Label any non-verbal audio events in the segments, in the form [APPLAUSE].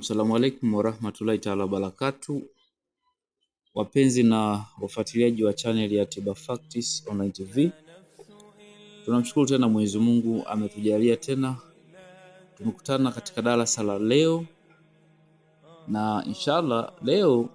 Assalamu alaikum warahmatullahi taala wabarakatu, wapenzi na wafuatiliaji wa chaneli ya Tiba Facts Online TV, tunamshukuru tena Mwenyezi Mungu ametujalia tena tumekutana katika darasa la leo, na inshallah leo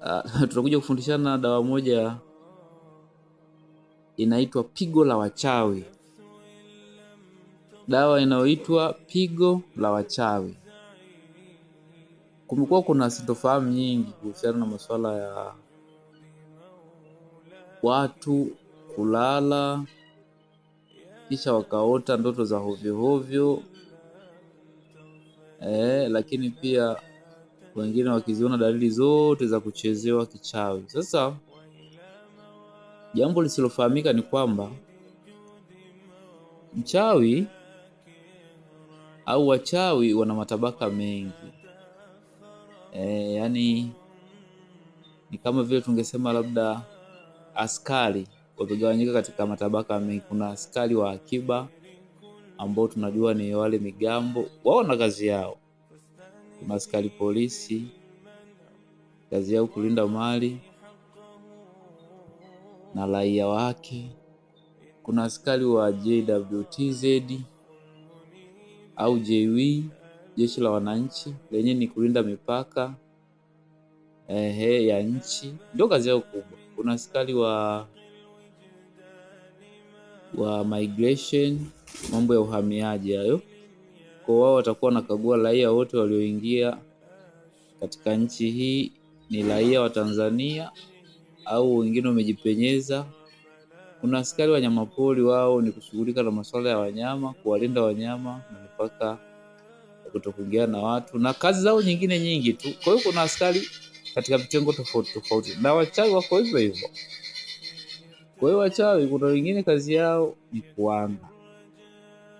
ah, uh, [LAUGHS] tunakuja kufundishana dawa moja inaitwa pigo la wachawi dawa inayoitwa pigo la wachawi. Kumekuwa kuna sintofahamu nyingi kuhusiana na masuala ya watu kulala kisha wakaota ndoto za hovyohovyo E, eh, lakini pia wengine wakiziona dalili zote za kuchezewa kichawi. Sasa jambo lisilofahamika ni kwamba mchawi au wachawi wana matabaka mengi e, yaani ni kama vile tungesema labda askari wamegawanyika katika matabaka mengi. Kuna askari wa akiba ambao tunajua ni wale migambo, wao na kazi yao. Kuna askari polisi, kazi yao kulinda mali na raia wake. Kuna askari wa JWTZ au JW, jeshi la wananchi, lenye ni kulinda mipaka ehe, ya nchi. Ndio kazi yao kubwa. Kuna askari wa wa migration, mambo ya uhamiaji hayo. Kwa wao watakuwa wanakagua raia wote walioingia katika nchi hii, ni raia wa Tanzania au wengine wamejipenyeza. Kuna askari wanyamapori, wao ni kushughulika na masuala ya wanyama, kuwalinda wanyama mipaka, kutokuingia na watu na kazi zao nyingine nyingi tu. Kwa hiyo kuna askari katika vitengo tofauti tofauti, na wachawi wako hivyo hivyo. Kwa hiyo wachawi, kuna wengine kazi yao ni kuanga,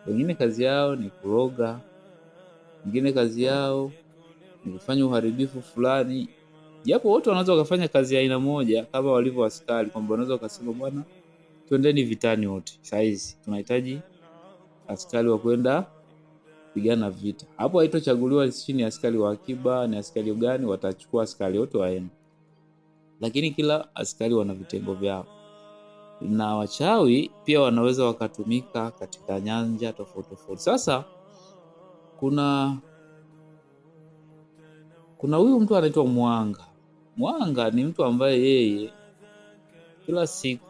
wengine kazi yao ni kuroga, wengine kazi yao ni kufanya uharibifu fulani, japo wote wanaweza wakafanya kazi ya aina moja kama walivyo askari, kwamba wanaweza wakasema bwana, twendeni vitani wote, saizi tunahitaji askari wa kwenda kupigana vita. Hapo haitochaguliwa chini ya askari wa akiba ni askari gani, watachukua askari wote waende, lakini kila askari wana vitengo vyao, na wachawi pia wanaweza wakatumika katika nyanja tofauti tofauti. Sasa kuna kuna huyu mtu anaitwa Mwanga. Mwanga ni mtu ambaye yeye kila siku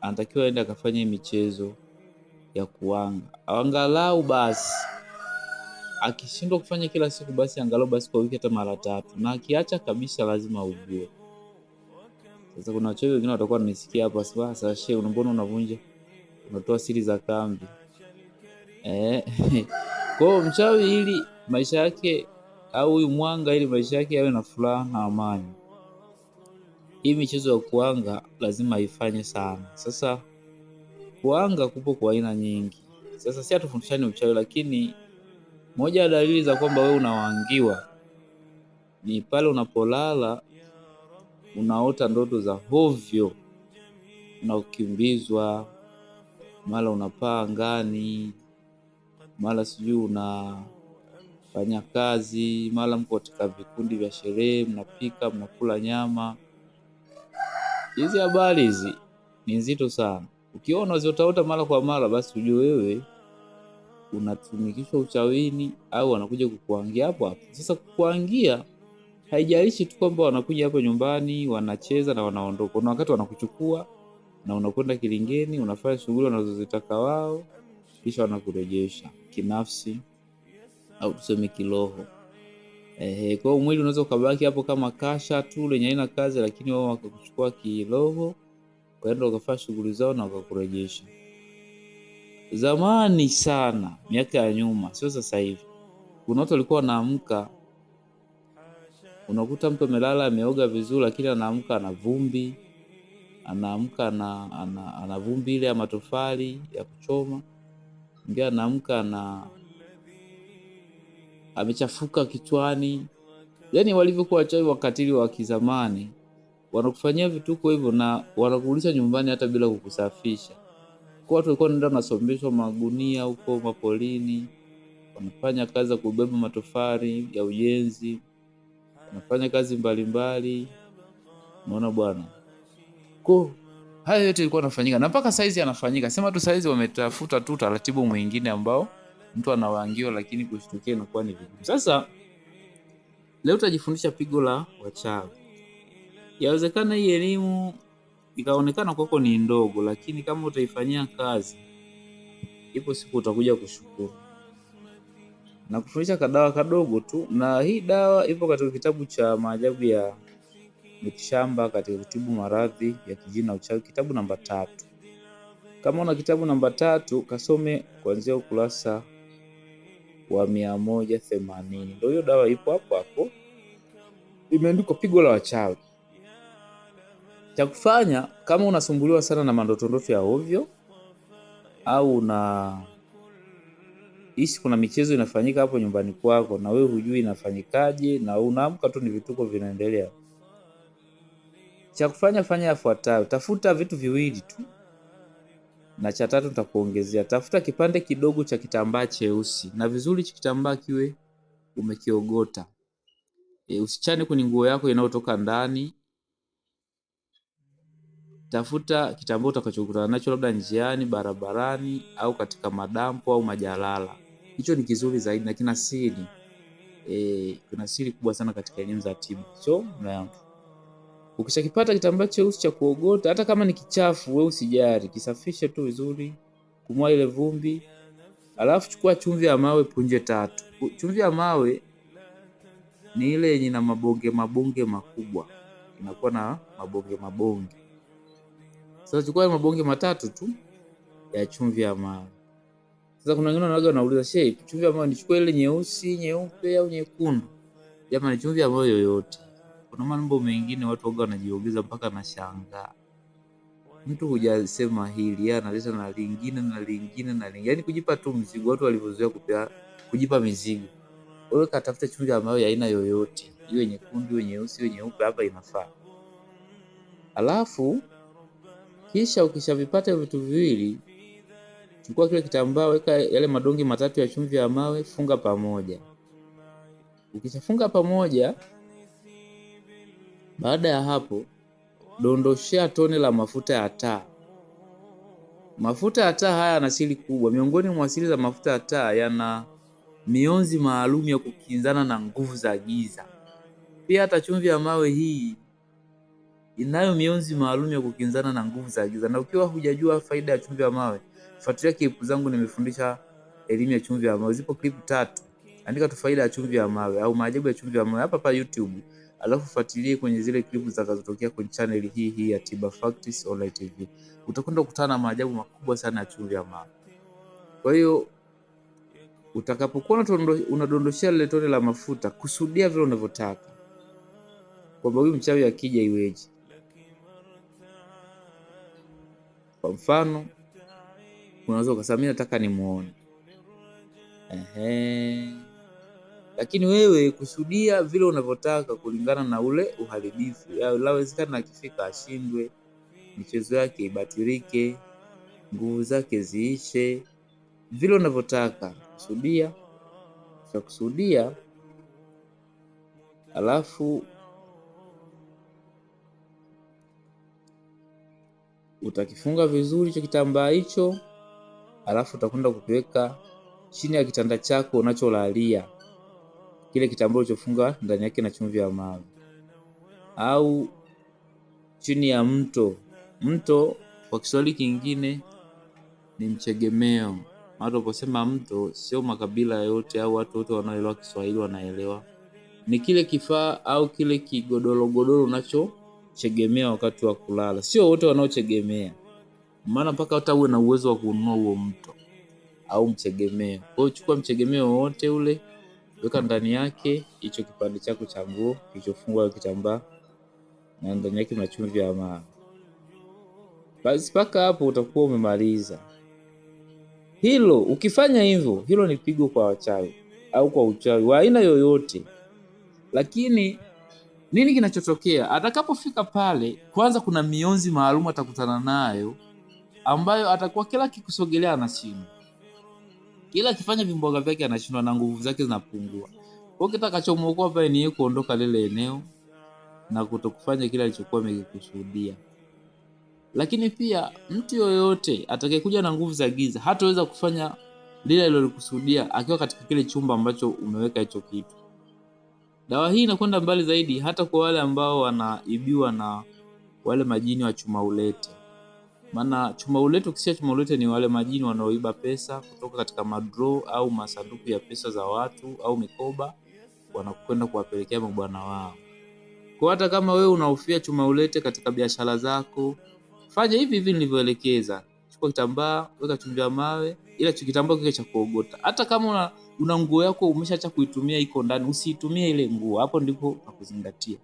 anatakiwa aende akafanye michezo ya kuanga, angalau basi akishindwa kufanya kila siku, basi angalau basi kwa wiki hata mara tatu, na akiacha kabisa, lazima ujue. Sasa kuna wachawi wengine watakuwa wananisikia hapa sasa, she, mbona unavunja unatoa siri za kambi eh? [LAUGHS] Kwa mchawi ili maisha yake au huyu mwanga ili maisha yake yawe na furaha na amani, hii michezo ya kuanga lazima ifanye sana. Sasa kuanga kupo kwa aina nyingi. Sasa si atufundishani uchawi lakini moja ya dalili za kwamba wewe unawangiwa ni pale unapolala unaota ndoto za hovyo, unakimbizwa, mara unapaa angani, mara sijui unafanya kazi, mara mko katika vikundi vya sherehe, mnapika, mnakula nyama. Hizi habari hizi ni nzito sana. Ukiona ziotaota mara kwa mara, basi ujue wewe unatumikishwa uchawini au wanakuja kukuangia hapo hapo. Sasa kukuangia haijalishi tu kwamba wanakuja hapo nyumbani wanacheza na wanaondoka. na wakati wanakuchukua na unakwenda kilingeni, unafanya shughuli wanazozitaka wao, kisha wanakurejesha kinafsi au tuseme kiroho. Ehe, kwa hiyo mwili unaweza ukabaki hapo kama kasha tu lenye haina kazi, lakini wao wakakuchukua kiroho, ukaenda ukafanya shughuli zao na wakakurejesha zamani sana, miaka ya nyuma, sio sasa hivi. Kuna watu walikuwa wanaamka, unakuta mtu amelala ameoga vizuri, lakini anaamka ana vumbi, anaamka ana, ana, ana vumbi ile ya matofali ya kuchoma. ngi anaamka na amechafuka kichwani. Yaani walivyokuwa wachawi wakatili wa kizamani, wanakufanyia vituko hivyo na wanakurudisha nyumbani hata bila kukusafisha watu walikuwa wanaenda wanasombeshwa magunia huko mapolini, wanafanya kazi za kubeba matofali ya ujenzi, wanafanya kazi mbalimbali. Unaona bwana, kwa haya yote ilikuwa anafanyika na mpaka saizi anafanyika. Sema tu saizi wametafuta tu taratibu mwingine ambao mtu anawaangiwa, lakini kushtukia inakuwa ni vigumu. Sasa leo tutajifundisha pigo la wachawi. Yawezekana hii elimu ikaonekana kwako ni ndogo, lakini kama utaifanyia kazi, ipo siku utakuja kushukuru. Na kufundisha kadawa kadogo tu, na hii dawa ipo katika kitabu cha maajabu ya mitishamba katika kutibu maradhi ya kijina uchawi, kitabu namba tatu. Kama una kitabu namba tatu, kasome kuanzia ukurasa wa mia moja themanini. Ndio hiyo dawa ipo hapo hapo, imeandikwa pigo la wachawi. Cha kufanya kama unasumbuliwa sana na mandotondoto ya ovyo au una ishi kuna michezo inafanyika hapo nyumbani kwako na wewe hujui inafanyikaje, na unaamka tu ni vituko vinaendelea. Cha kufanya fanya yafuatayo: tafuta vitu viwili tu, na cha tatu nitakuongezea. Tafuta kipande kidogo cha kitambaa cheusi, na vizuri kitambaa kiwe umekiogota. E, usichane kwenye nguo yako inayotoka ndani tafuta kitambaa utakachokutana nacho labda njiani, barabarani au katika madampo au majalala. Hicho ni kizuri zaidi na kina siri e, eh, kuna siri kubwa sana katika elimu za tiba hicho. Na ukishakipata kitambaa cheusi cha kuogota, hata kama ni kichafu, wewe usijali, kisafishe tu vizuri, kumwa ile vumbi, alafu chukua chumvi ya mawe punje tatu. Chumvi ya mawe ni ile yenye na mabonge mabonge makubwa, inakuwa na mabonge mabonge sasa chukua mabonge matatu tu ya chumvi ya mawe. Sasa kuna wengine wanaanza wanauliza, shape chumvi ya mawe nichukue ile nyeusi, nyeupe au nyekundu?" Jamani, chumvi ya mawe yoyote. Kuna mambo mengine watu waga wanajiongeza mpaka na shangaa. Mtu hujasema hili, yeye analeta na lingine na lingine na lingine. Yaani kujipa tu mzigo watu walivyozoea kupea kujipa mizigo. Wewe katafuta chumvi ya mawe ya aina yoyote. Iwe nyekundu, iwe nyeusi, iwe nyeupe hapa inafaa. Alafu kisha ukishavipata vitu viwili, chukua kile kitambaa, weka yale madonge matatu ya chumvi ya mawe, funga pamoja. Ukishafunga pamoja, baada ya hapo, dondoshea tone la mafuta ya taa. Mafuta ya taa haya yana siri kubwa. Miongoni mwa siri za mafuta ya taa, yana mionzi maalum ya kukinzana na nguvu za giza. Pia hata chumvi ya mawe hii Inayo mionzi maalum ya kukinzana na nguvu za giza. Na ukiwa hujajua faida ya chumvi ya mawe, fuatilia clip zangu nimefundisha elimu ya chumvi ya mawe. Zipo clip tatu. Andika tu faida ya chumvi ya mawe au maajabu ya chumvi ya mawe hapa pa YouTube. Alafu fuatilie kwenye zile clip zitakazotokea kwenye channel hii hii ya Tiba Facts Online TV. Utakwenda kukutana na maajabu makubwa sana ya chumvi ya mawe. Kwa hiyo utakapokuwa unadondoshea lile tone la mafuta, kusudia vile unavyotaka. Kwa sababu mchawi akija iweje? Kwa mfano unaweza ukasema mimi nataka nimuone, ehe, lakini wewe kusudia vile unavyotaka kulingana na ule uharibifu. Lawezekana akifika ashindwe, michezo yake ibatirike nguvu zake ziishe, vile unavyotaka kusudia cha kusudia, alafu utakifunga vizuri cho kitambaa hicho, alafu utakwenda kukiweka chini ya kitanda chako unacholalia, kile kitambaa ulichofunga ndani yake na chumvi ya mawe, au chini ya mto. Mto kwa Kiswahili kingine ni mchegemeo. Watu waposema mto, sio makabila yote au watu wote wanaoelewa Kiswahili wanaelewa, ni kile kifaa au kile kigodoro godoro unacho chegemea wakati wa kulala. Sio wote wanaochegemea, maana mpaka hata uwe na uwezo wa kununua huo mto au mchegemeo. Kwa hiyo chukua mchegemeo wote ule, weka ndani yake hicho kipande chako cha nguo kilichofungwa kitambaa, na ndani yake na chumvi ya mawe. Basi mpaka hapo utakuwa umemaliza hilo. Ukifanya hivyo, hilo ni pigo kwa wachawi au kwa uchawi wa aina yoyote, lakini nini kinachotokea? Atakapofika pale, kwanza kuna mionzi maalum atakutana nayo ambayo atakuwa kila kikusogelea anashindwa, kila akifanya vimboga vyake anashindwa na nguvu zake zinapungua. Kwa kitakachomuokoa pale ni kuondoka lile eneo na kutokufanya kile alichokuwa amekikusudia. Lakini pia mtu yoyote atakayekuja na nguvu za giza hataweza kufanya lile alilolikusudia akiwa katika kile chumba ambacho umeweka hicho kitu. Dawa hii inakwenda mbali zaidi hata kwa wale ambao wanaibiwa na wale majini wa chuma ulete. Maana chuma ulete, ukisia chuma ulete ni wale majini wanaoiba pesa kutoka katika madro au masanduku ya pesa za watu au mikoba, wanakwenda kuwapelekea mabwana wao. Kwa hata kama wewe unahofia chuma ulete katika biashara zako, fanya hivi hivi nilivyoelekeza chukua kitambaa, weka chumvi ya mawe, ila kitambaa kile cha kuogota. Hata kama una una nguo yako umeshaacha kuitumia iko ndani, usiitumie ile nguo. Hapo ndipo pakuzingatia.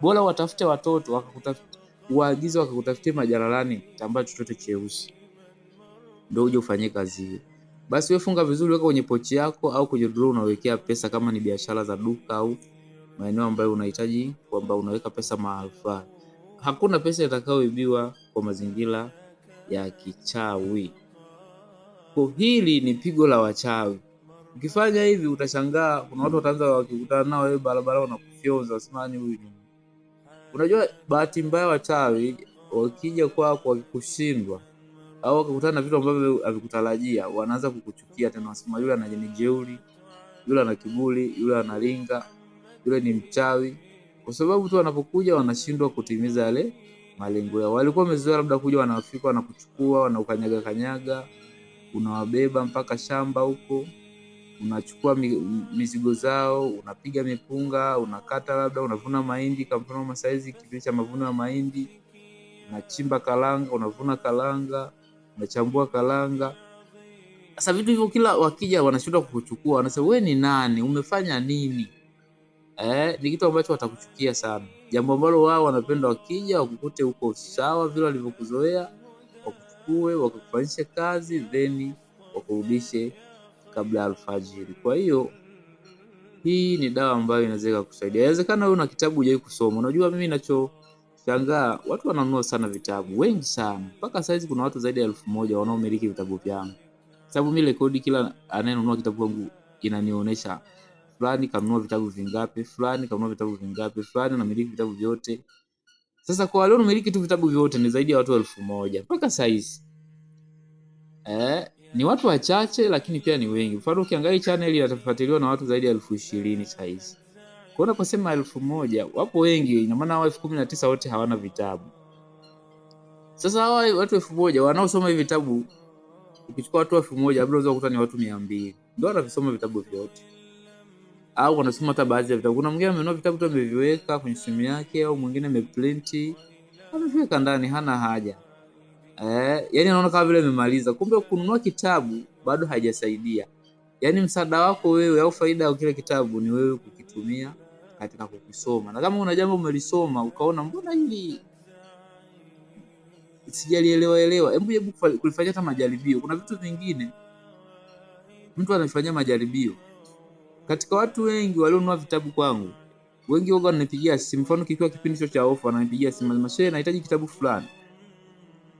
Bora watafute watoto wakakutafuta, waagize wakakutafutie majalalani kitambaa chochote cheusi, ndio uje ufanyie kazi hiyo. Basi wewe funga vizuri, weka kwenye pochi yako au kwenye drawer unawekea pesa, kama ni biashara za duka au maeneo ambayo unahitaji kwamba unaweka pesa mahali fulani. Hakuna pesa itakayoibiwa kwa mazingira ya kichawi. Kwa hili ni pigo la wachawi. Ukifanya hivi utashangaa, kuna watu wataanza wakikutana nao wewe barabara wanakufyoza, wasimani huyu Unajua, bahati mbaya wachawi wakija kwako wakikushindwa au wakakutana na vitu ambavyo havikutarajia, wanaanza kukuchukia tena, wasema yule anajeni jeuri, yule ana kiburi, yule analinga, yule ni mchawi, kwa sababu tu wanapokuja wanashindwa kutimiza yale malengo yao. Walikuwa wamezoea labda kuja, wanafika, wanakuchukua, wanaukanyaga kanyaga, unawabeba mpaka shamba huko, unachukua mizigo zao, unapiga mipunga, unakata labda, unavuna mahindi kama saizi kipindi cha mavuno ya mahindi, unachimba kalanga, unavuna kalanga, unachambua kalanga. Sasa vitu hivyo kila wakija wanashindwa kukuchukua, wanasema wewe ni nani, umefanya nini? eh, ni kitu ambacho watakuchukia sana, jambo ambalo wao wanapenda wakija wakukute huko sawa vile walivyokuzoea, wakuchukue wakakufanyisha kazi then wakurudishe kabla alfajiri. Kwa hiyo hii ni dawa ambayo inaweza kukusaidia. Inawezekana wewe una kitabu hujawahi kusoma. Unajua mimi ninachoshangaa watu wananunua sana vitabu, wengi sana. Mpaka saizi kuna watu zaidi ya elfu moja wanaomiliki vitabu vyangu, sababu mimi rekodi, kila anayenunua kitabu kwangu inanionyesha fulani kanunua vitabu vingapi, fulani kanunua vitabu vingapi, fulani anamiliki vitabu vyote. Sasa kwa walio miliki tu vitabu vyote ni zaidi ya watu elfu moja mpaka saizi. Eh, ni watu wachache lakini pia ni wengi. Mfano ukiangalia channel inafuatiliwa na watu zaidi ya elfu ishirini saizi. Kuona kwa sema elfu moja wapo wengi, ina maana hao elfu kumi na tisa wote hawana vitabu. Sasa hawa watu elfu moja wanaosoma hivi vitabu, ukichukua watu elfu moja labda unaweza kukuta ni watu mia mbili ndio wanavisoma vitabu vyote au wanasoma hata baadhi ya vitabu. Kuna mwingine amenunua vitabu tu ameviweka kwenye simu yake, au mwingine ameprint ameviweka ndani, hana haja eh, yani anaona kama vile amemaliza. Kumbe kununua kitabu bado hajasaidia. Yani msaada wako wewe au faida ya kile kitabu ni wewe kukitumia katika kukisoma, na kama una jambo umelisoma ukaona mbona hili sijalielewa elewa, hebu hebu kulifanyia hata majaribio. Kuna vitu vingine mtu anafanyia majaribio. Katika watu wengi walionunua vitabu kwangu, wengi wao wananipigia simu. Mfano kikiwa kipindi cha ofa, wananipigia simu, Mashehe, nahitaji kitabu fulani.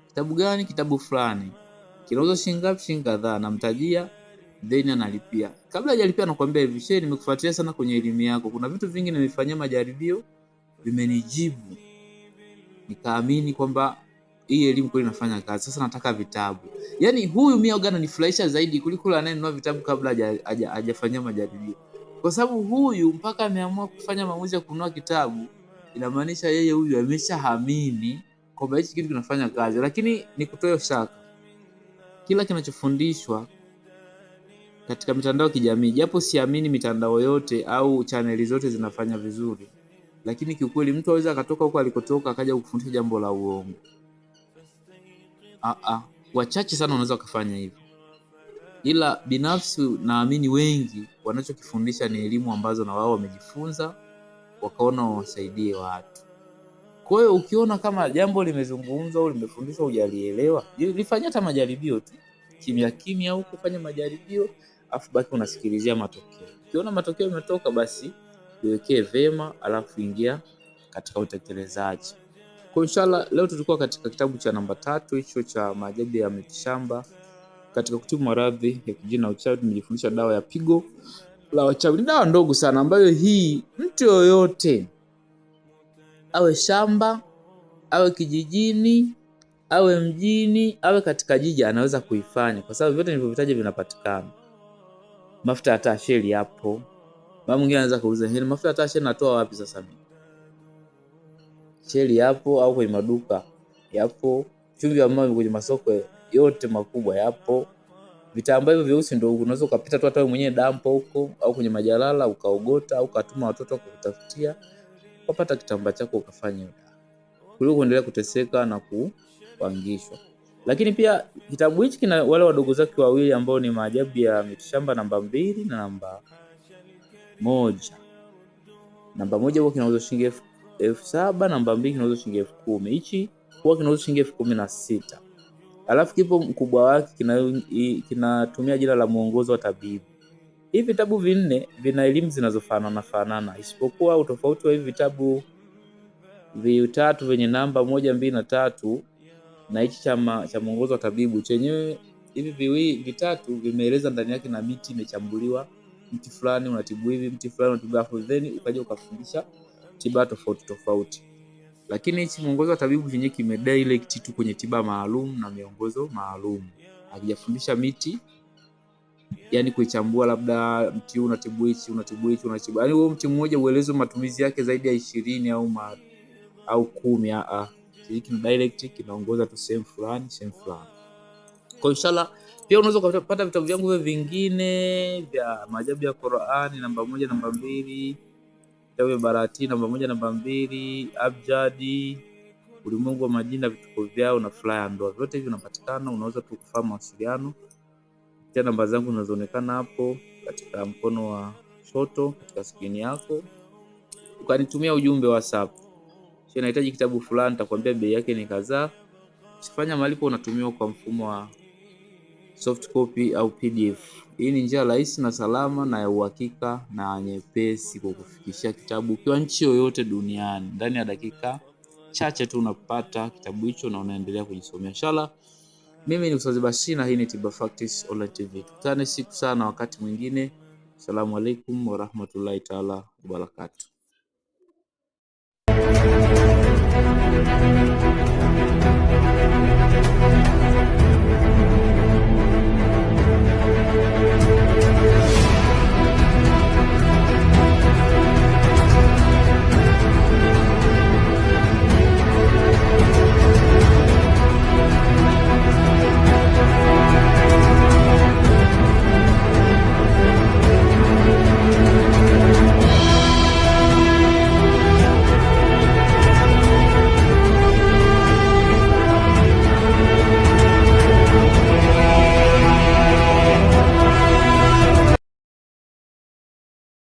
Kitabu gani? Kitabu fulani, kinauza shilingi ngapi? Shilingi kadhaa. Namtajia then analipia. Kabla hajalipia anakuambia hivi, Shehe, nimekufuatilia sana kwenye elimu yako, kuna vitu vingi nimefanyia majaribio, vimenijibu nikaamini kwamba hii elimu kweli inafanya kazi. Sasa nataka vitabu. Yaani huyu mimi oga ananifurahisha zaidi kuliko yule anayenunua vitabu kabla hajafanyia majaribio, kwa sababu huyu mpaka ameamua kufanya maamuzi ya kununua kitabu, inamaanisha yeye huyu ameshaamini kwamba hichi kitu kinafanya kazi. Lakini nikutoe shaka, kila kinachofundishwa katika mitandao ya kijamii, japo siamini mitandao yote au chaneli zote zinafanya vizuri, lakini kiukweli mtu aweza akatoka huko alikotoka akaja kufundisha jambo la uongo. Aa, ah, ah. wachache sana wanaweza wakafanya hivyo, ila binafsi naamini wengi wanachokifundisha ni elimu ambazo na wao wamejifunza wakaona wawasaidie watu. Kwa hiyo ukiona kama jambo limezungumzwa au limefundishwa hujalielewa, lifanyia hata majaribio tu kimya kimya, au kufanya majaribio afu baki unasikilizia matokeo. Ukiona matokeo yametoka, basi iwekee vema, alafu ingia katika utekelezaji. Kwa inshallah leo tutakuwa katika kitabu cha namba tatu hicho cha maajabu ya mitishamba katika kutibu maradhi ya kijini na uchawi. Tumejifundisha dawa ya pigo la wachawi, ni dawa ndogo sana ambayo hii mtu yoyote awe shamba awe kijijini awe mjini awe katika jiji anaweza kuifanya, kwa sababu vyote nilivyotaja vinapatikana. Mafuta ya tasheli yapo. Mama mwingine anaweza kuuza hili mafuta ya tasheli natoa wapi sasa mimi? cheli yapo au kwenye maduka yapo, chumvi ya mama kwenye masoko yote makubwa yapo. Vitambaa hivyo vyeusi ndio unaweza ukapita tu hata wewe mwenyewe dampo huko au kwenye majalala ukaogota au ukatuma watoto kukutafutia ukapata kitambaa chako ukafanya, kuliko kuendelea kuteseka na kupangishwa. Lakini pia kitabu hichi kina wale wadogo zake wawili ambao ni maajabu ya mitishamba namba mbili na namba moja. Namba moja huwa kinauzwa shilingi elfu elfu saba na mbili kinauzwa shilingi elfu kumi. Hichi huwa kinauzwa shilingi elfu kumi na sita. Alafu kipo mkubwa wake kinatumia kina jina la Mwongozo wa Tabibu. Hivi vitabu vinne vina elimu zinazofanana fanana, isipokuwa utofauti wa hivi vitabu vitatu vyenye namba moja, mbili na tatu na hichi cha Mwongozo wa Tabibu chenyewe hivi viwi vitatu vimeeleza ndani yake, na miti imechambuliwa, mti fulani unatibu hivi, mti fulani unatibu afu then ukaja ukafundisha tiba tofauti tofauti, lakini hichi mwongozo wa tabibu chenyewe kimedirect tu kwenye tiba maalum na miongozo maalum, akijafundisha miti yani kuichambua, labda mti huu unatibu hichi, unatibu hichi, unatibu yani wewe mti mmoja uelezo matumizi yake zaidi ya ishirini au ma, au kumi. A, ah, ah. kina direct kinaongoza tu sehemu fulani sehemu fulani. Kwa inshallah pia unaweza kupata vitabu vyangu vingine vya maajabu ya Qur'ani namba moja, namba mbili Dawe Barati namba moja, namba mbili, Abjadi, Ulimwengu wa Majina, Vituko vyao na Furaha ya Ndoa. Vyote hivi unapatikana, unaweza tu kufaa mawasiliano kupitia namba zangu zinazoonekana hapo katika mkono wa shoto katika skrini yako, ukanitumia ujumbe WhatsApp. Sio nahitaji kitabu fulani, nitakwambia bei yake ni kadhaa. Usifanya malipo, unatumiwa kwa mfumo wa soft copy au PDF. Hii ni njia rahisi na salama na ya uhakika na nyepesi kwa kufikishia kitabu ukiwa nchi yoyote duniani. Ndani ya dakika chache tu unapata kitabu hicho na unaendelea kujisomea. Inshallah, mimi ni Ustadh Bashir na hii ni Tiba Facts Online TV. Tukutane siku sana wakati mwingine. alaykum alaikum warahmatullahi taala wabarakatuh.